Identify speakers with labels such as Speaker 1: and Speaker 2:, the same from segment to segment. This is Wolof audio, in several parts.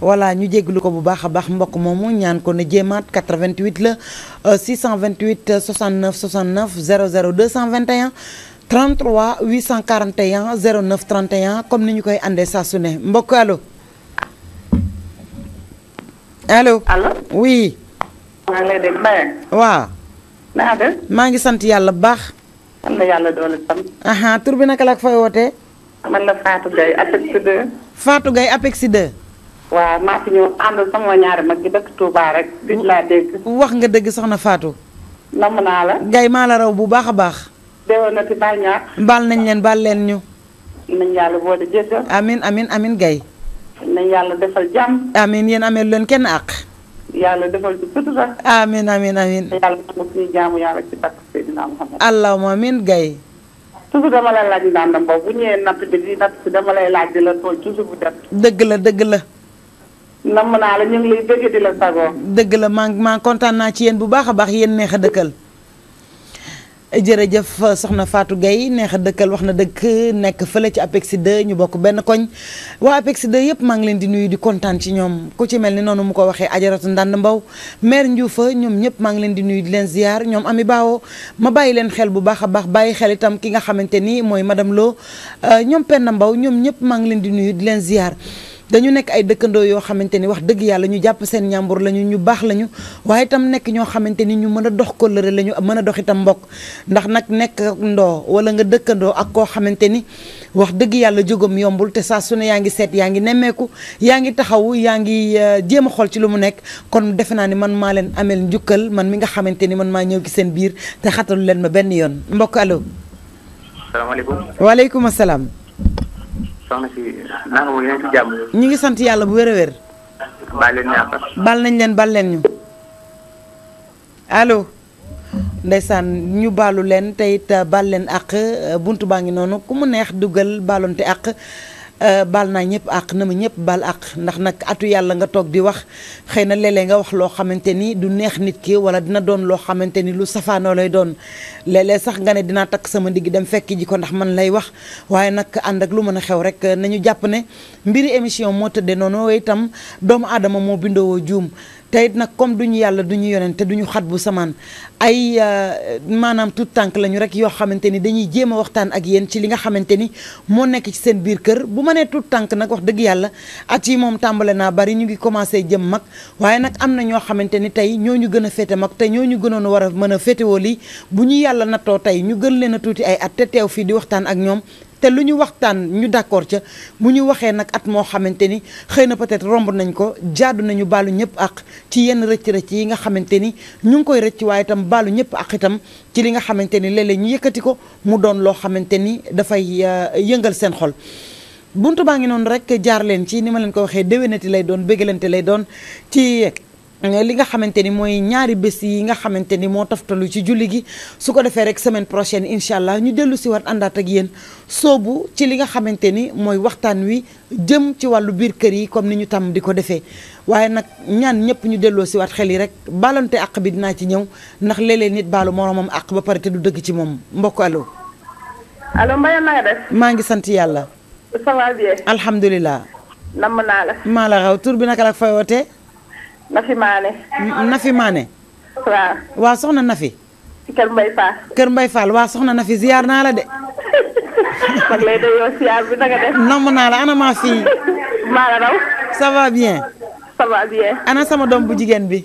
Speaker 1: voilà ñu jéglu ko bu baax a baax mbokk moom ñaan ko na jéemaat 88 la 628 69 69 00 221 33 841 09 31 comme ni ñu koy àndee saa su ne mbokk allo. allo allo oui. maa ngi lay dégg Mbaye. waaw. naa maa ngi sant yàlla bu baax. am na yàlla doole tam. tur bi naka la ak fay wootee. man la waaw maa fi ñëw ànd sama ñaari mag gi dëkk Touba rek. gëj laa dégg. wax nga dëgg na Fatou. namm naa la. gay maa la raw bu baax a baax. déwén na ci baal ñaar. nañ leen baal leen ñu. nañ yàlla boole jéggal. amin amin amin yàlla defal jàmm. amin yéen amee leen kenn àq. yàlla defal ci sutura. amin amin amin. yàlla defal suñu jaamu yàlla ci bakk Seydina Muhammad. allahumma amin gay toujours dama lay laaj ndàndam boobu bu natt bi di natt si dama lay laaj di la tooñ toujours bu jot. dëgg la dëgg la. namm naa la ñu lay bëgg di la sagoo. dëgg la maa maa kontaan naa ci yéen bu baax a baax yéen neex a dëkkal. jërëjëf soxna Fatou Gueye neex a dëkkal wax na dëgg nekk fële ci APEX 2 ñu bokk benn koñ waa APEX 2 maa ngi leen di nuyu di kontaan ci ñoom ku ci mel ni noonu mu ko waxee ajaratu ndànd mbaw maire Ndioufa ñoom ñëpp maa ngi leen di nuyu di leen ziar ñoom ami baawo ma bàyyi xel bu baax baax bàyyi xel itam ki nga xamante ni mooy madame Lo euh, ñoom Penda Mbaw ñoom ñëpp maa ngi leen di nuyu di leen ziar dañu nekk ay dëkkandoo yoo xamante ni wax dëgg yàlla ñu jàpp seen ñàmbur lañu ñu baax lañu waaye tam nekk ñoo xamante ni ñu mën a dox kóllëre lañu mën a dox itam mbokk ndax nag nekk ndoo wala nga dëkkandoo ak koo xamante ni wax dëgg yàlla jógam yombul te saa su ne yaa ngi seet yaa ngi nemmeeku yaa ngi taxaw yaa ngi euh, jéem a xool ci lu mu nekk kon defe naa ni man maa leen ameel njukkal man mi nga xamante ni man maa ñëw ci seen biir te xatalu leen ma benn yoon mbokk soxna ñu ngi sant yàlla bu wér a wér. baal bal nañ leen bal leen ñu. allo. ndeysaan ñu baalu leen tey it leen àq bunt baa ngi noonu ku mu neex dugal baalonte àq. Euh, baal naa ñëpp àq na ma ñëpp baal àq ndax nag atu yàlla nga toog di wax xëy na léeg nga wax loo xamante ni du neex nit ki wala dina doon loo xamante ni lu safaanoo lay doon léeg sax nga ne dina takk sama ndigg dem fekk ji ko ndax man lay wax waaye nag ànd ak lu mën a xew rek nañu jàpp ne mbiru émission moo tëddee noonu itam doomu aadama moo bindoowoo juum tey it nag comme duñu yàlla duñu yonent te duñu xat bu samaan ay euh, maanaam tout tànk lañu rek yoo xamante ni dañuy jéem a waxtaan ak yéen ci li nga xamante ni moo nekk ci seen biir kër bu ma nee tout tànk nag wax dëgg yàlla at yi moom tàmbale naa bari ñu ngi commencé jëm mag waaye nag am na ñoo xamante ni tey ñoo ñu gën a féete mag te ñoo ñu gënoon war a mën a féetewoo lii bu ñu yàlla nattoo tey ñu gën leen a tuuti ay at te teew fii di waxtaan ak ñoom te lu ñu waxtaan ñu d'accord ca bu ñu waxee nag at moo xamante ni xëy na peut-être romb nañ ko jaadu nañu baalu ñëpp ak ci yenn rëcc-rëcc yi nga xamante ni ñu ngi koy rëcc waaye itam baalu ñëpp ak itam ci li nga xamante ni léeg ñu yëkkati ko mu doon loo xamante ni dafay euh, yëngal seen xol. buntu baa ngi noonu rek jaar leen ci ni ma leen ko waxee déwénati lay doon béggalante lay doon ci. Euh, li nga xamante ni mooy ñaari bés yi nga xamante ni moo toftalu ci julli gi su ko defee rek semaine prochaine incha allah ñu dellu si waat àndaat ak yéen soobu ci li nga xamante ni mooy waxtaan wi jëm ci wàllu biir kër yi comme ni ñu tam di ko defee waaye nag ñaan ñëpp ñu delloo siwaat xel yi rek baalante àq bi dinaa ci ñëw ndax léeg-léeg nit baalu moromam àq ba pare te du dëgg ci moom mbokk allo. allo Mbaye na nga def. maa ngi sant yàlla. ça va Nafi Mané. Nafi Mané. waaw. soxna Nafi. ci Kër Mbaye Fall. Kër Mbaye Fall waaw soxna Nafi ziar naa la de. mag lay doyoo bi nanga def. namm naa la ana maa fii. maa raw. ça bien. ça bien. ana sama doom bu jigéen bi.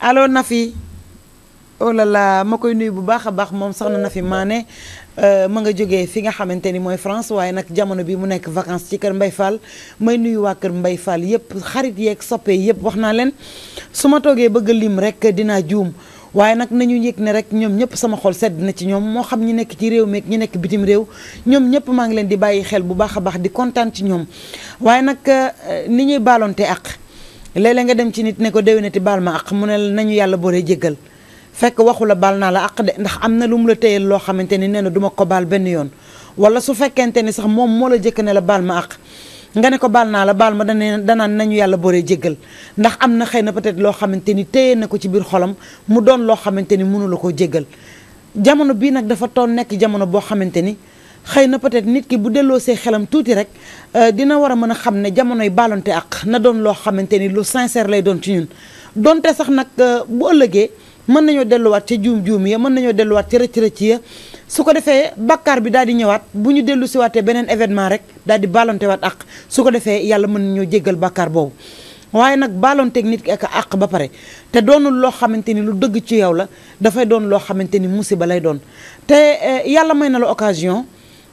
Speaker 1: allo Nafi. oh là là ma koy nuyu bu baax a baax moom soxna Nafi Mané. Euh, ma nga jógee fi nga xamante ni mooy France waaye nag jamono bi mu nekk vacances ci kër Mbaye Fall may nuyu waa kër Mbaye Fall yëpp xarit yeeg soppee yëpp wax naa leen su ma toogee bëgg lim rek dinaa juum waaye nag nañu yëg ne rek ñoom ñëpp sama xol sedd na ci ñoom moo xam ñi nekk ci réew meeg ñi nekk bitim réew ñoom ñëpp maa ngi leen di bàyyi xel bu baax a baax di kontaan ci ñoom waaye nag euh, ni ñuy baalonte ak léeg nga dem ci nit ne ko déwénati baal ma ak mu ne nañu yàlla boole jéggal fekk waxu la baal naa la àq de ndax am na lu mu la téyel loo xamante ni nee na duma ko baal benn yoon wala su fekkente ni sax moom moo la jëkk ne la baal ma àq nga ne ko baal naa la baal ma dana danaan nañu yàlla booree jéggal ndax am na xëy na peut-être loo xamante ni téye na ko ci biir xolam mu doon loo xamante ni mënu la koo jéggal jamono bii nag dafa toon nekk jamono boo xamante ni xëy na peut-être nit ki bu delloo see xelam tuuti rek euh, dina war a mën a xam ne jamonoy baalonte ak na doon loo xamante ni lu sincère lay doon ci ñun mën nañoo delluwaat ca juum juum ya mën nañoo delluwaat ca rëcc rëcc ya su ko defee bakkaar bi daal di ñëwaat bu ñu dellu siwaatee beneen événement rek daal di waat ak su ko defee yàlla mën nañoo jéggal bakkaar boobu waaye nag baalonteeg nit ki ak àq ba pare te doonul loo xamante ni lu dëgg ci yow la dafay doon loo xamante ni musiba lay doon te eh, yàlla may na la occasion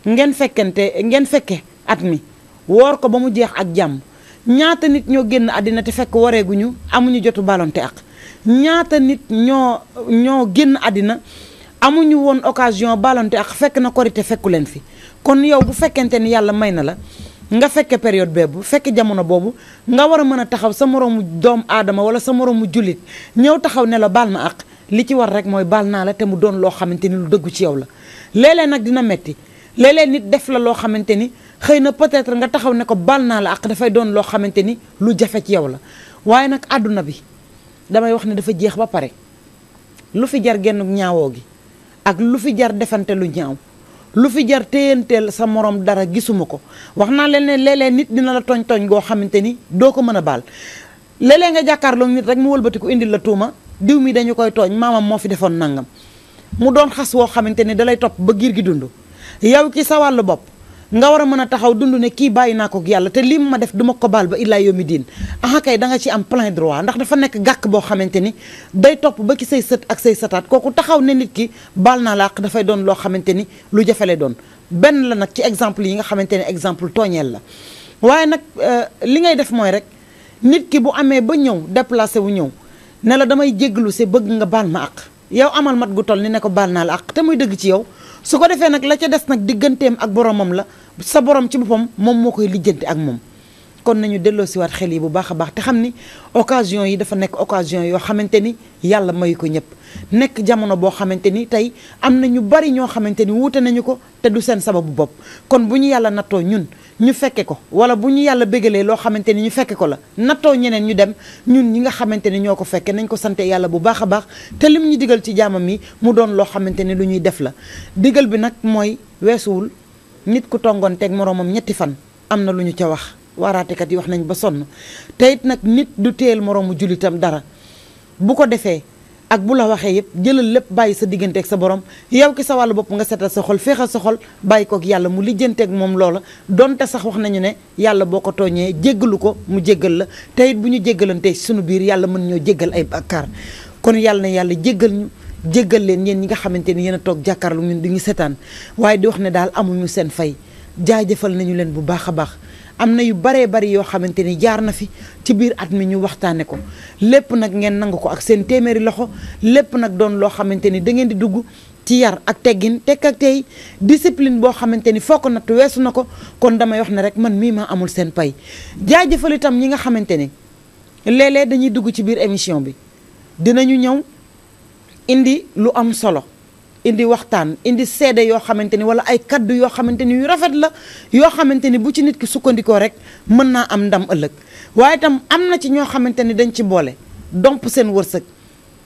Speaker 1: ngeen fekkente ngeen fekke at mi woor ko ba mu jeex ak jàmm ñaata nit ñoo génn àddina te fekk wareeguñu amuñu jotu baalonte ak ñaata nit ñoo ñoo génn àddina amuñu woon occasion balonte ak fekk na korite fekku leen fi kon yow bu fekkente ni yàlla may na la nga fekke période boobu fekk jamono boobu nga war a mën a taxaw sa moroomu doom aadama wala sa moroomu jullit ñëw taxaw ne la bal na ak li ci war rek mooy bal naa la te mu doon loo xamante ni lu dëggu ci yow la léeg-léeg nag dina metti léeg-léeg nit def la loo xamante ni xëy na peut-être nga taxaw ne ko bal naa la ak dafay doon loo xamante ni lu jafe ci yow la waaye nag àdduna bi damay wax ne dafa jeex ba pare lu fi jar genn ñaawoo gi ak lu fi jar defante lu ñaaw lu fi jar téyanteel sa morom dara gisuma ko wax naa leen ne léeg nit dina la tooñ tooñ goo xamante ni doo ko mën a baal léeg-léeg nga jàkkaarloo nit rek mu wëlbatiku indil la tuuma diw mi dañu koy tooñ maamam moo fi defoon nangam mu doon xas woo xamante ni dalay topp ba giir gi dundu yow ci sa wàllu bopp nga war a mën a taxaw dund ne kii bàyyi naa ko yàlla te lii ma def duma ko baal ba illaa mi diin aha kay da nga ci am plein droit ndax dafa nekk gàkk boo xamante ni day topp ba ki say sët ak say sataat kooku taxaw ne nit ki baal naa la ak dafay doon loo xamante ni lu jafale doon benn la nag ci exemple yi nga xamante ne exemple tooñeel la waaye nag euh, li ngay def mooy rek nit ki bu amee ba ñëw déplacé wu ñëw ne la damay jéggalu se bëgg nga baal ma ak yow amal mat gu toll ni ne ko baal naa la ak te muy dëgg ci yow su ko defee nag la ca des nag digganteem ak boromam la sa borom ci boppam moom moo koy lijjanti ak moom kon nañu delloosiwaat xel yi bu baax a baax te xam ni occasion yi dafa nekk occasion yoo xamante ni yàlla mayu ko ñëpp nekk jamono boo xamante ni tey am na ñu bari ñoo xamante ni wuute nañu ko te du seen sababu bopp kon bu ñu yàlla nattoo ñun ñu fekke ko wala bu ñu yàlla béggalee loo xamante ni ñu fekke ko la nattoo ñeneen ñu dem ñun ñi nga xamante ni ñoo ko fekke nañ ko sante yàlla bu baax a baax te lim ñu digal ci jàmmam yi mu doon loo xamante ni lu ñuy def la digal bi nag mooy weesuwul nit ku tongoon teg moroomam ñetti fan am na lu ñu ca wax waaraatekat yi wax nañ ba sonn te it nag nit du teel moroomu jullitam dara bu ko defee ak bu la waxee yëpp jëlal lépp bàyyi sa diggante ak sa borom yow ki sa wàllu bopp nga setal sa xol féexal sa xol bàyyi kook yàlla mu lijjanteeg moom loola donte sax wax nañu ne yàlla boo ko tooñee jéggalu ko mu jéggal la te it bu ñu jéggalante sunu biir yàlla mën ñoo jéggal ay bàkkaar kon yàlla na yàlla jéggal ñu jéggal leen ñeen ñi nga xamante ni yéen a toog jàkkaarlu ñun di ñu setaan waaye di wax ne daal amuñu seen fay jaajëfal nañu leen bu baax a baax am na yu baree bari yoo xamante ni jaar na fi ci biir at mi ñu waxtaane ko lépp nag ngeen nangu ko ak seen téeméeri loxo lépp nag doon loo xamante ni dangeen di dugg ci yar ak teggin tekk ak tey discipline boo xamante ni foo ko natt weesu na ko kon damay wax ne rek man mii ma amul seen pay jaajëfal itam ñi nga xamante ni léeg dañuy dugg ci biir émission bi dinañu ñëw indi lu am solo indi waxtaan indi seede yoo xamante ni wala ay kaddu yoo xamante ni yu rafet la yoo xamante ni bu ci nit ki sukkandikoo rek mën naa am ndam ëllëg waaye itam am na ci ñoo xamante ni dañ ci boole domp seen wërsëg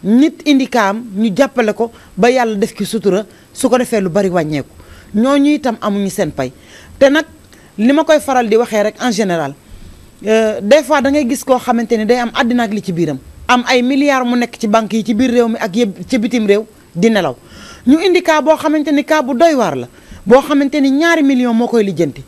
Speaker 1: nit indi kaam ñu jàppale ko ba yàlla def ki sutura su ko defee lu bari wàññeeku ñoo ñooñu itam amuñu seen pay te nag li ma koy faral di waxee rek en général euh, des fois da ngay gis koo xamante ni day am àddina ak li ci biiram am ay milliards mu nekk ci banque yi ci biir réew mi ak yëpp ci bitim réew di nelaw ñu indi cas boo xamante ni cas bu doy waar la boo xamante ni ñaari million moo koy lijjanti